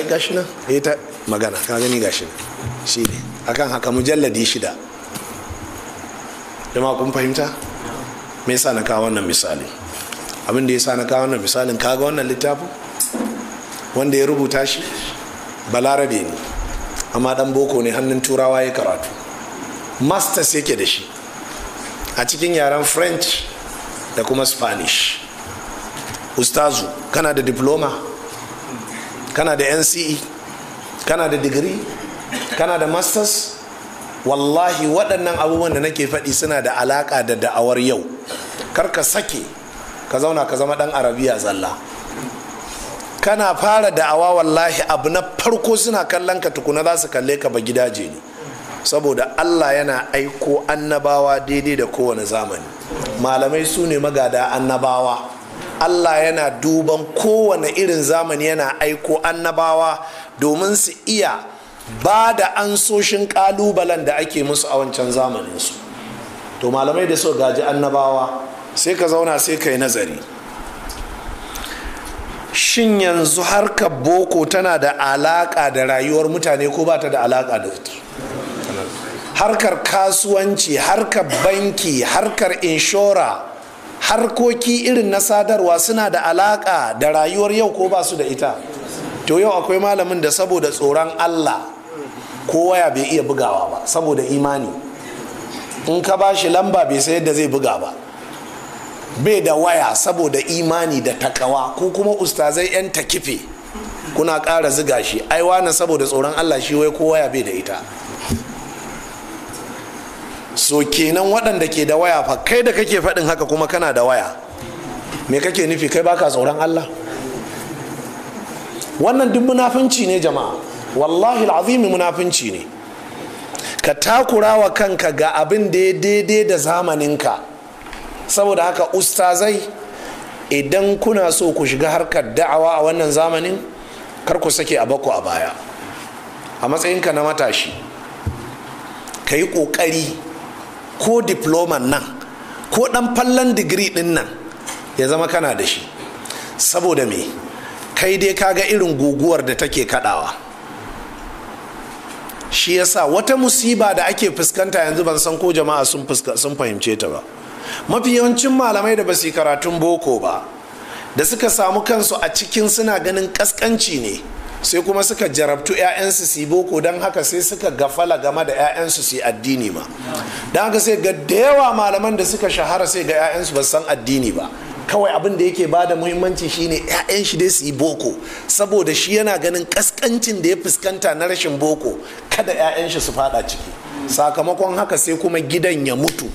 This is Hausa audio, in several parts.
Eh, gashi nan ya eh, ta magana ka gani gashi nan shi ne akan haka mujalladi shida jama'a kun fahimta me yasa na kawo wannan misali abin da yasa na kawo wannan misalin kaga wannan littafin wanda ya rubuta shi balarabe ne amma dan boko ne hannun turawa ya karatu masters yake da shi a cikin yaren french da kuma spanish ustazu kana da diploma kana da nce kana da digiri kana da masters wallahi waɗannan abubuwan da nake faɗi suna da alaƙa da da'awar yau kar ka sake ka zauna ka zama ɗan arabiya zalla kana fara da'awa wallahi abu na farko suna kallon ka tukuna za su kalle ka ba gidaje ne saboda allah yana aiko annabawa daidai da kowane zamani malamai su ne magada annabawa Allah yana duban kowane irin zamani yana aiko annabawa domin su iya ba da ansoshin kalubalen da ake musu a wancan zamaninsu to malamai da suka gaji annabawa sai ka zauna sai ka yi nazari shin yanzu harkar boko tana da alaka da rayuwar mutane ko ba ta da alaka da harkar kasuwanci harkar banki harkar inshora harkoki irin na sadarwa suna da alaka da rayuwar yau ko ba su da ita to yau akwai malamin da saboda tsoron allah ko waya bai iya bugawa ba saboda imani in ka ba shi lamba bai sai yadda zai buga ba bai da waya saboda imani da takawa ko kuma ustazai 'yan takife kuna ƙara ziga shi aiwa na saboda tsoron allah shi wai ko waya bai da ita so kenan waɗanda ke da waya fa kai da kake faɗin haka kuma kana da waya me kake nufi kai baka tsoron Allah wannan duk munafunci ne jama'a wallahi al'azimi munafunci ne ka takura wa kanka ga abin da ya daidai da zamaninka saboda haka ustazai idan kuna so ku shiga harkar da'awa a wannan zamanin kar ku sake a bako a baya a matsayinka na matashi ka yi ƙoƙari ko diploman nan ko dan fallon digiri din nan ya zama kana da shi saboda me kai dai ka ga irin guguwar da take kadawa shi yasa wata musiba da ake fuskanta yanzu ban san ko jama'a sun fahimce ta ba mafi yawancin malamai da basu karatun boko ba da suka samu kansu a cikin suna ganin kaskanci ne sai kuma suka jarabtu 'ya'yansu su boko don haka sai suka gafala game da 'ya'yansu su addini ma don haka sai ga da yawa malaman da suka shahara sai ga 'ya'yansu ba san addini ba kawai abin da yake bada muhimmanci shine 'ya'yan shi dai su yi boko saboda shi yana ganin kaskancin da ya fuskanta na rashin boko kada 'ya'yan shi su fada ciki sakamakon haka sai kuma gidan ya mutu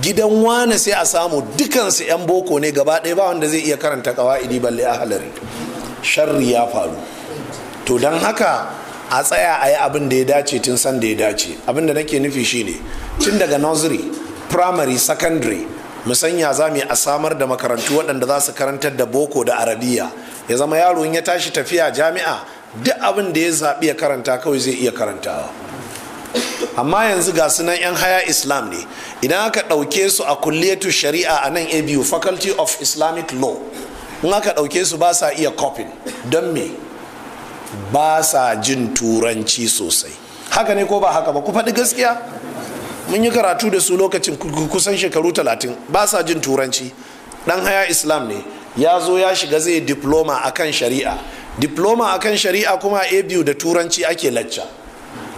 gidan wane sai a samu dukansu 'yan boko ne gaba ɗaya ba wanda zai iya karanta kawa'idi balle a halari sharri ya faru to don haka a tsaya a yi abin da ya dace tun san da ya dace abin da nake nufi shi ne tun daga nursery primary secondary musanya za mu a samar da makarantu waɗanda za su karantar da boko da arabiya ya zama yaro in ya tashi tafiya jami'a duk abin da ya zaɓi ya karanta kawai zai iya karantawa amma yanzu ga sunan 'yan haya islam ne idan aka ɗauke su a kulliyatu shari'a a nan abu faculty of islamic law in aka ɗauke su ba sa iya copying don me ba sa jin turanci sosai haka ne ko ba haka ba ku faɗi gaskiya mun yi karatu da su lokacin kusan shekaru talatin ba sa jin turanci Ɗan haya islam ne ya zo ya shiga zai diploma akan shari'a diploma akan shari'a kuma a biyu da turanci ake lacca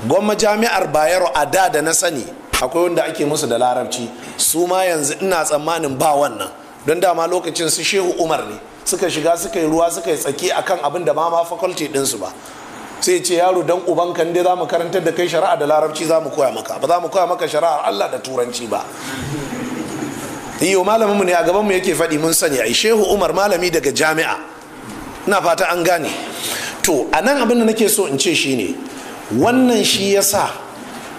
gwamma jami'ar bayero a da da na sani akwai wanda ake musu da larabci su ma yanzu ina tsammanin ba wannan don dama lokacin su shehu umar ne suka shiga suka yi ruwa suka yi tsaki akan abin da ma ma faculty su ba sai ce yaro dan uban kan dai zamu karantar da kai shari'a da larabci zamu koya maka ba zamu koya maka shari'ar Allah da turanci ba iyo malamin mu ne a gaban mu yake faɗi mun sani ai shehu Umar malami daga jami'a ina fata an gane to anan abin da nake so in ce shine wannan shi yasa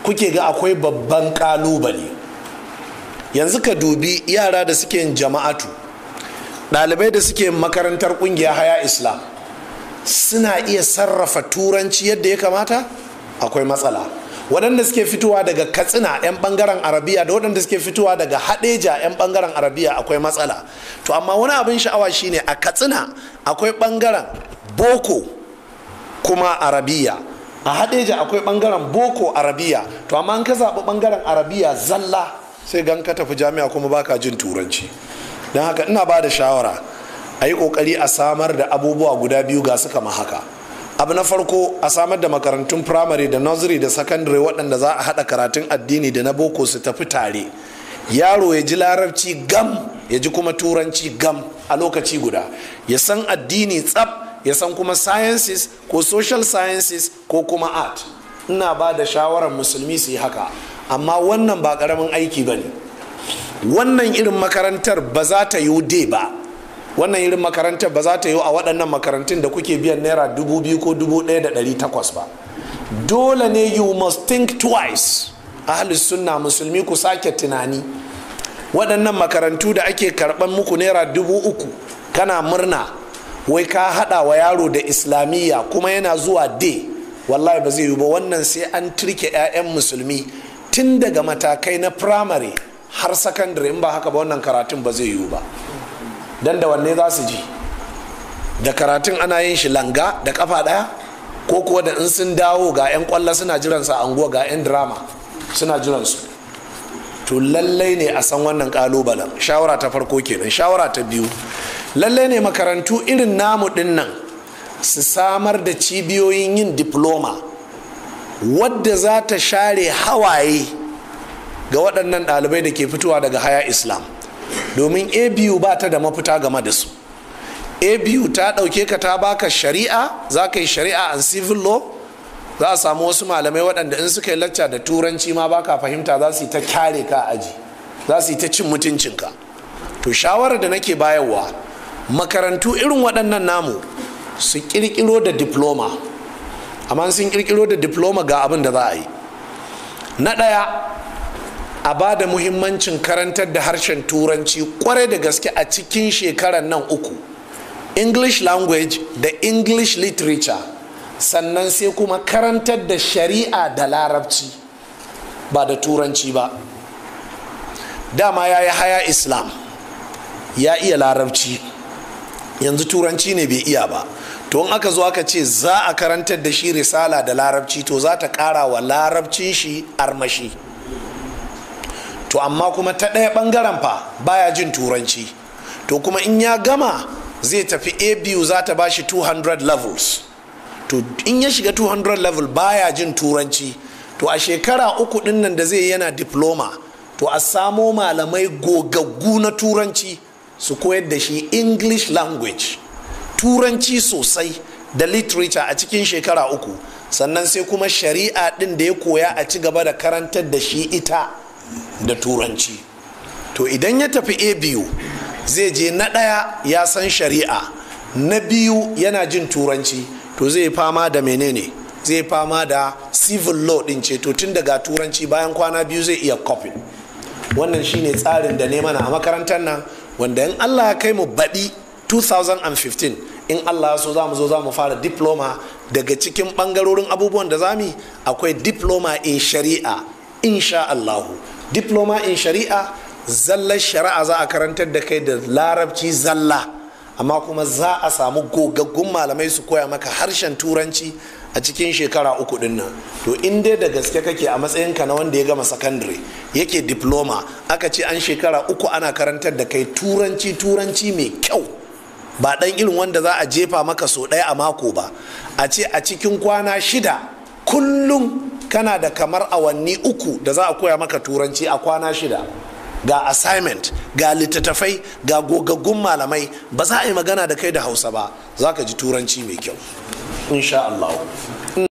kuke ga akwai babban kalubale yanzu ka dubi yara da suke yin jama'atu ɗalibai da suke makarantar ƙungiya haya islam suna iya sarrafa turanci yadda ya kamata akwai matsala waɗanda suke fitowa daga katsina 'yan ɓangaren arabiya da waɗanda suke fitowa daga haɗeja 'yan ɓangaren arabiya akwai matsala to amma wani abin sha'awa shine a katsina akwai ɓangaren boko kuma arabiya a haɗeja akwai ɓangaren boko arabiya to amma an ka zaɓi ɓangaren arabiya zalla sai gan ka tafi jami'a kuma baka jin turanci don haka ina ba da shawara a yi kokari a samar da abubuwa guda biyu ga su kama haka abu na farko a samar da makarantun firamare da nursery da secondary waɗanda za a haɗa karatun addini da na boko su tafi tare yaro ya ji larabci gam ya ji kuma turanci gam a lokaci guda ya san addini tsab ya san kuma sciences ko social sciences ko kuma art ina ba da shawarar musulmi su yi haka amma wannan ba ƙaramin aiki ba ne wannan irin makarantar ba za ta yi dai ba wannan irin makarantar ba za ta yi a waɗannan makarantun da kuke biyan naira dubu biyu ko dubu ɗaya da ɗari takwas ba dole ne you must think twice ahlus sunna musulmi ku sake tunani waɗannan makarantu da ake karɓan muku naira dubu uku kana murna wai ka haɗa wa yaro da islamiyya kuma yana zuwa day wallahi ba zai yi ba wannan sai an turke 'ya'yan musulmi tun daga matakai na firamare. har sakandare in ba haka ba wannan karatun ba zai yiwu ba dan da wanne za su ji da karatun ana yin shi langa da kafa daya ko kuwa da in sun dawo ga 'yan kwallo suna jiransa anguwa ga 'yan drama suna jiransu to lallai ne a san wannan kalubalen shawara ta farko kenan shawara ta biyu lallai ne makarantu irin namu din su samar da cibiyoyin yin diploma wadda za ta share hawaye ga waɗannan ɗalibai da ke fitowa daga haya islam domin abu ba ta da mafita game da su abu ta ɗauke ka ta baka shari'a za ka yi shari'a an civil law za a samu wasu malamai waɗanda in suka yi lacca da turanci ma ba ka fahimta za su yi ta kyare ka aji za su yi ta cin mutuncinka to shawarar da nake bayarwa makarantu irin waɗannan namu su ƙirƙiro da diploma amma sun ƙirƙiro da diploma ga abin da za a yi na ɗaya a ba da muhimmancin karantar da harshen turanci kwarai da gaske a cikin shekarar nan uku english language da english literature sannan sai kuma karantar da shari'a da larabci ba da turanci ba dama ya yi haya islam ya iya larabci yanzu turanci ne bai iya ba to in aka zo aka ce za a karantar da shi risala da larabci to za ta kara wa larabcin shi armashi to amma kuma ta ɗaya ɓangaren fa baya jin turanci to kuma in ya gama zai tafi ABU biyu za ta bashi 200 levels to in ya shiga 200 level baya jin turanci to a shekara uku ɗin nan da zai yana diploma to a samo malamai gogaggu na turanci su koyar da shi english language turanci sosai da literature a cikin shekara uku sannan sai kuma shari'a ɗin da ya koya a ci gaba da karantar da shi ita da turanci to idan ya tafi a biyu zai je na ɗaya ya san shari'a na biyu yana jin turanci to zai fama da menene zai fama da civil law din ce to tun daga turanci bayan kwana biyu zai iya kofin wannan shine tsarin da ne mana a makarantar nan wanda in allah ya kai mu baɗi 2015 in allah ya so za mu zo za mu fara diploma daga cikin ɓangarorin abubuwan da zami akwai diploma in shari'a insha allahu diploma in shari'a zallar shari'a za a karantar da kai da larabci zalla amma kuma za a samu gogaggun malamai su koya maka harshen turanci a cikin shekara uku din nan to in dai da gaske kake a matsayinka na wanda ya gama sakandare yake diploma aka ce an shekara uku ana karantar da kai turanci turanci mai kyau ba dan irin wanda za a jefa maka so ɗaya a mako ba a ce a cikin kwana shida kullum kana da kamar awanni uku da za a koya maka turanci a kwana shida ga assignment ga littattafai ga gogaggun malamai ba za a yi magana da kai da hausa ba za ka ji turanci mai kyau insha Allah